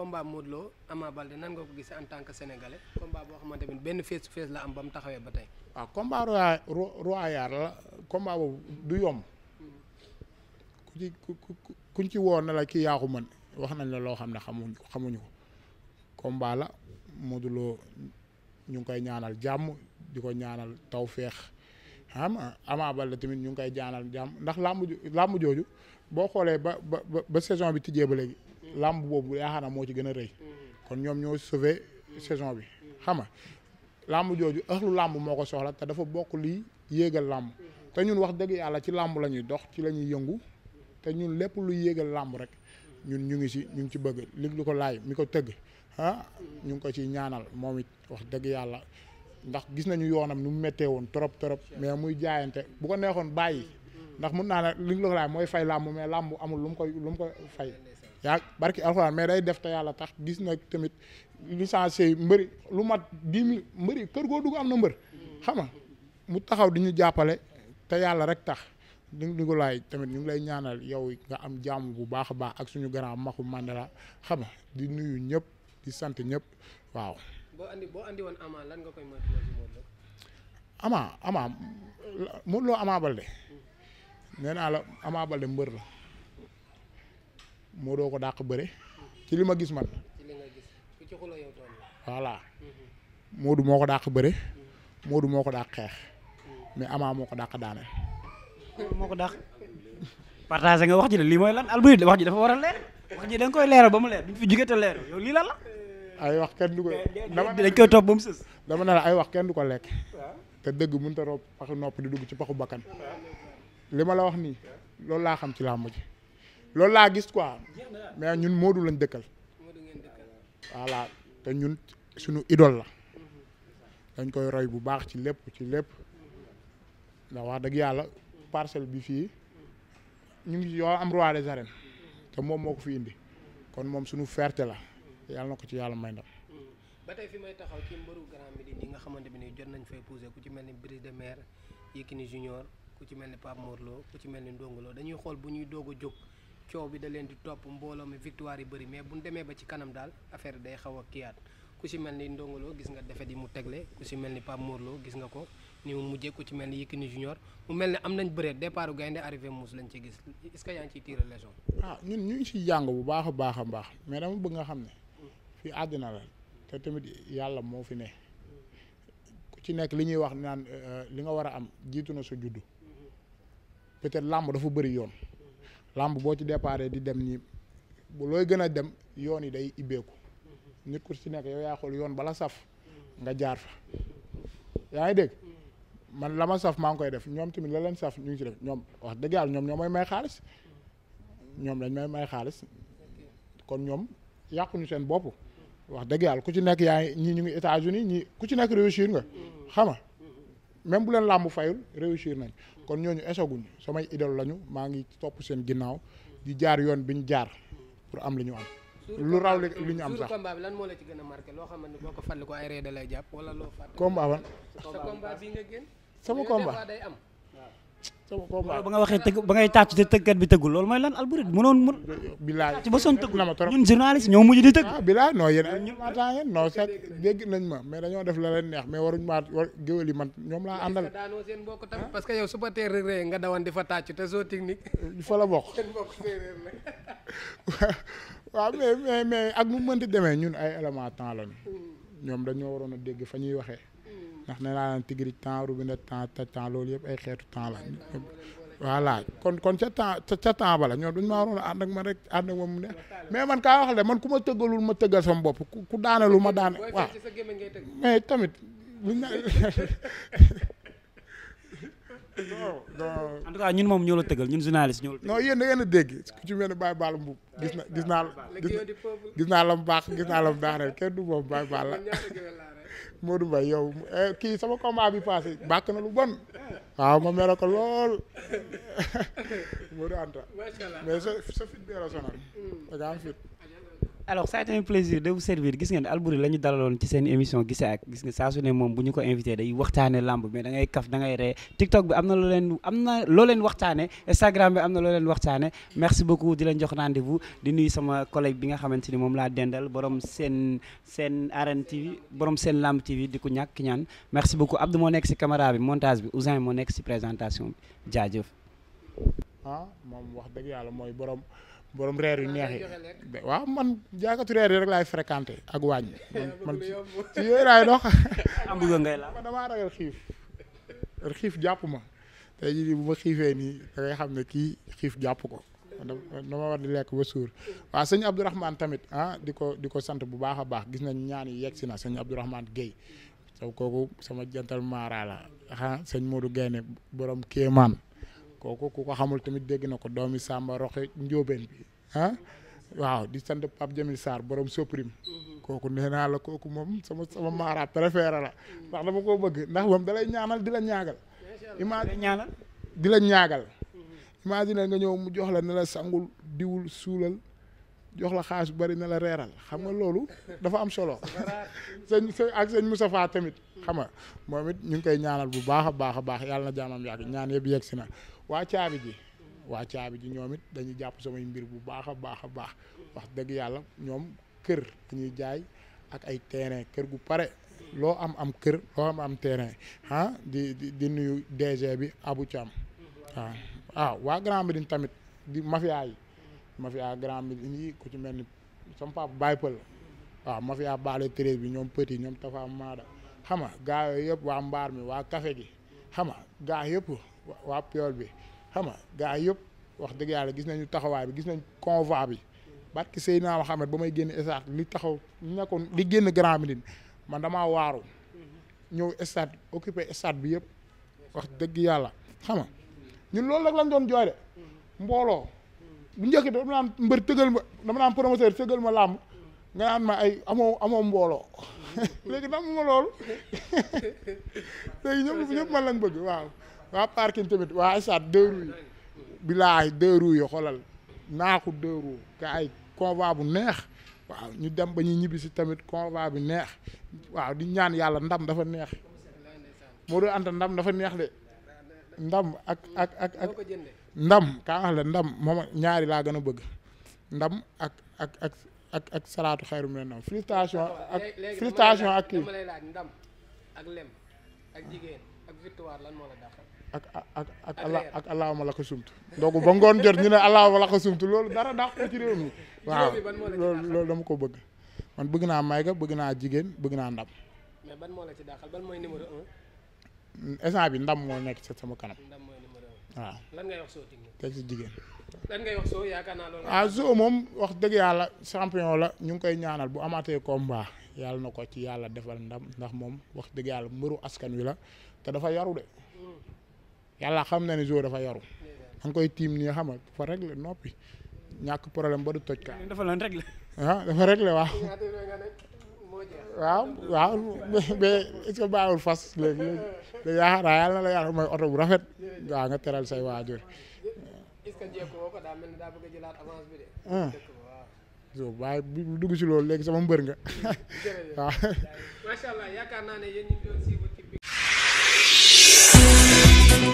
combat Modou Lo Ama Baldé nan nga ko gisee en tant que sénégalais combat boo xamante ni benn face to face la am ba mu taxawee ba tay waaw ah, combat roya royal la combat boobu du yomb ku ci kuñ ci woo na la kii yaa mën wax nañ la loo xam ne xamuñ xamuñu ko combat la Modou ñu ngi koy ñaanal jàmm di ko ñaanal taw feex nga Ama tamit ñu ngi koy ñaanal jàmm ndax làmb làmb jooju boo xoolee ba ba ba saison bi tijjee ba léegi. làmb boobu yaakaar naa moo ci gën a rëy kon ñoom ñoo sauvé saison bi xam nga làmb jooju ëxlu làmb moo ko soxla te dafa bokk lii yéegal làmb te ñun wax dëgg yàlla ci làmb la ñuy dox ci la ñuy yëngu te ñun lépp lu yéegal làmb rek ñun ñu ngi si ñu ngi ci bëgg lig lu ko laay mi ko tëgg ah ñu ngi ko ciy ñaanal moom it wax dëgg yàlla ndax gis nañu yoonam nu mu méttee woon trop trop mais muy jaayante bu ko neexoon bàyyi ndax mun naa ne lig lu ko laay mooy fay làmb mais làmb amul lu mu koy lu mu koy fay yaa barki alxuraan mais day def te yàlla tax gis na tamit licencié yi mbëri lu mat dix mille mbëri kër goo dugg am na mbër xam mu taxaw di ñu jàppale te yàlla rek tax di ngi tamit ñu lay ñaanal yow nga am jàmm bu baax baax ak suñu grand maxu Mandela xam di nuyu ñëpp di sant ñëpp waaw. boo andi boo andi woon Ama lan nga koy Ama hmm. naa la Ama Baldé mbër la. Modou ko dàq bëre ci li ma gis man. ci li nga gis ku ci xuloo yow doon mm-hmm. moo ko dàq bëre. Mm-hmm. Modou moo ko dàq xeex. Mm-hmm. mais Ama moo ko dàq daane. moo ko dàq. partagé nga wax ji de lii mooy lan Alboury wax ji dafa war a leer wax ji da koy leer ba mu leer duñ fi jugee leer yow lii la. Euh, ay wax kenn du ko dama dañ ba mu sës. dama ne la ay wax kenn du ko lekk. te dëgg mënut a rob paxu nopp di dugg ci paxu bakkan. li ma la wax nii loolu laa xam ci làmb ji. loolu laa gis quoi mais ñun Modou lañ dëkkal voilà te ñun suñu idole la dañ koy roy bu baax ci lépp ci lépp ndax wax dëgg yàlla parcelle bi fii ñu ngi yoo am roi des arènes te moom moo ko fi indi kon moom suñu fierté la yàlla na ko ci yàlla may ndam ba tey fi may taxaw ci mbëru Grand Médine yi nga xamante bi ni jot nañ fay poussé ku ci mel ni Brise de Mer Yékini Junior ku ci mel ni Pape Morlo ku ci mel ni Ndongolo dañuy xool bu ñuy doog a jóg coow bi da leen di topp mbooloo mi victoire yi bëri mais bu ñu demee ba ci kanam daal affaire day xaw a kiyaat ku ci mel ni Ndongo gis nga defet yi mu tegle ku ci mel ni Pape Mor gis nga ko ni mu mujjee ci mel ni Yékini Junior mu mel ne am nañ bëreet départ gaynde arrivé muus lañ ci gis est-ce que yaa ngi ciy ah, ñun ñu ngi jàng bu baax a baax a baax mais dama bëgg nga xam ne fii àddina la te tamit yàlla moo fi ne ku ci nekk li ñuy wax naan euh, li nga war a am jiitu na su juddu mm-hmm. peut làmb dafa bëri yoon làmb boo ci déparé di dem nii looy gën a dem yoon yi day ibbeeku nit ku ci nekk yow yaa xool yoon bala saf nga jaar fa yaa ngi dégg man la ma saf maa ngi koy def ñoom tamit la leen saf ñu ngi ci def ñoom wax dëgg yàlla ñoom ñoo may may xaalis ñoom lañ may may xaalis kon ñoom yàquñu seen bopp wax dëgg yàlla ku ci nekk yaa ngi ñii ñu ngi États-Unis ñii ku ci nekk réussir nga xama même bu leen làmb fayul réussir nañ kon ñooñu esaguñ samay idole lañu maa ngi topp seen ginnaaw di jaar yoon bi ñu jaar pour am li ñu am. lu raw li ñu am sax combat bi lan moo la ci gën a marqué loo xamante boo ko fàttali ko ay ree da lay jàpp wala loo fàttali. combat ban sa combat sama combat day am sama combat ba nga waxee tëgg ba ngay tàcc te tëggkat bi tëggul loolu mooy lan alburid mënoon mën bilaay ci ba son tëgg na ma trop ñun journaliste ñoo mujj di tëgg ah bilaay non yéen def leen neex mais waruñ maa war géwél yi man ñoom laa àndal que yow supporter Reug Reug nga dawan di fa tàcc euh, fa la bokk seen bokk séeréer la mais mais mais ak nu mënti demee ñun ay élément temps lañu hmm. ñoom dañoo waroon a dégg fa ñuy waxee ndax nee naa leen tigri temps robinet temps te temps loolu yëpp ay xeetu temps la voilà kon kon ca temps ca temps bala ñoom duñ ma waroon a ànd ak man rek a ak ma mu ne mais man kaa wax de man ku ma tëggalul ma tëggal sama bopp ku daane lu ma daane waaw mais tamit luñ en tout cas da a dégg ku ci mel ne Baye Balla Mbuub gis na gis naa gis la mu baax gis naa la mu baax kenn du moom Baye Balla du Mbaye yow eh, kii sama combat bi passé bàkk na lu bon waaw ma mere ko lool Modou Anta mais sa sa fit bi sonal da am fit alors ça a été un plaisir de vous servir gis ngeen Albouri la ñu dalaloon ci seen émission gise ak gis nga saa su ne moom bu ñu ko invité day waxtaane lamb mais da kaf da ngay TikTok bi am na loo leen am na loo waxtaane Instagram bi am na loo waxtaane merci beaucoup di leen jox rendez-vous di nuyu sama collègue bi nga xamante ni moom laa dendal borom seen seen arène TV borom seen lamb TV di ko ñàkk ñaan merci beaucoup Abdou moo nekk si caméra bi montage bi Ousin moo nekk si présentation bi jaajëf ah, mooy borom borom reer yu neex yi waaw man jaakatu reer yi rek laay fréquenté ak waañ man ci yooyu laay dox man damaa ragal xiif xiif jàpp ma tey jii bu ma xiifee nii da xam ne kii xiif jàpp ko dama war di lekk ba suur waaw sëñ Abdourahmane tamit ah di ko di ko sant bu baax a baax gis nañ ñaan yi yegg si na sëñ Abdourahmane Guèye saw kooku sama jantal maara la ah sëñ Modou Guèye Kéemaan kooku ku ko xamul tamit dégg na ko doomi Samba Roxe Njóobeen bi ah waaw di sant Pape Jamil Sarr borom Soprim mm-hmm. kooku nee naa la kooku moom sama sama maara préféré la ndax dama koo bëgg ndax moom dalay ñaanal di la ñaagal imagine di la ñaagal mm-hmm. imagine nga ñëw mu jox la ne sangul diwul suulal jox la xaalis bari na la reeral xam nga loolu dafa am solo sëñ sëñ ak sëñ Moustapha tamit xam nga moom it ñu ngi koy ñaanal bu baax a baax a baax yàlla na jaamam yàgg ñaan yëpp yegg si na waa caabi ji waa caabi ji ñoom it dañuy jàpp samay mbir bu baax a baax a baax wax dëgg yàlla ñoom kër dañuy jaay ak ay terrain kër gu pare loo am am kër loo am am terrain ah di di nuyu DG bi abu Thiam waaw ah, ah, waaw waa Grand Médine tamit di mafia yi mafia Grand Médine yi ku ci mel ni sama papa Baye Pël waaw mafia baale treize bi ñoom Petit ñoom Tafa Maada xam nga gaa waa mbaar mi waa café gi xam nga gaa waa Piyol bi xam nga gars wax dëgg yàlla gis nañu taxawaay bi gis nañ convoi bi barki Seydina Mohamed ba may génn stade li taxaw ñu nekkoon li génn Grand Médine man damaa waaru ñëw stade occupé stade bi yëpp wax dëgg yàlla xam nga ñun loolu rek lañ doon jooy de mbooloo bu njëkk dama naan mbër tëgal ma naan promoteur tëgal ma làmb nga naan ma ay amoo amoo mbooloo léegi nam ma loolu léegi ñëpp ñëpp man lañ bëgg waaw waa parking tamit waa ISRA deux roues yi bilaay deux roues yi xoolal naaxu deux roues ay convoi bu neex waaw ñu dem ba ñu ñibbisi tamit convoi bi neex waaw di ñaan yàlla ndam dafa neex moo doon anta ndam dafa neex de ndam ak ak ak ak ndam kaa wax la ñaari laa gën bëgg ndam ak ak salaatu xayru mel noonu félicitation ak félicitation ak kii ndam ak lem ak ak ak ala ak allahuma la ko sumtu donc ba ngoon jot ñu ne allahuma la ko sumtu loolu dara dàq ko ci réew mi waaw loolu loolu dama ko bëgg man bëgg naa mayga bëgg naa jigéen bëgg naa ndam. mais ban moo ci dàqal ban mooy numéro bi ndam moo nekk ci sama kanam. ndam mooy numéro un. naa loolu. ah soo moom wax dëgg yàlla champion la ñu ngi koy ñaanal bu amaatee combat yàlla na ko ci yàlla defal ndam ndax moom wax dëgg yàlla mbëru askan wi la te dafa yaru de. Hmm. yàlla xam na ne jour dafa yaru danga koy tiim nii xamal fa régler noppi ñàkk problème ba du toj ka dafa ah, lan waaw waaw waaw mais est-ce fas léegi yàlla na la yàlla mooy oto bu rafet waaw nga teral say waajur ah. so waaye bu dugg si loolu léegi sama mbër nga waaw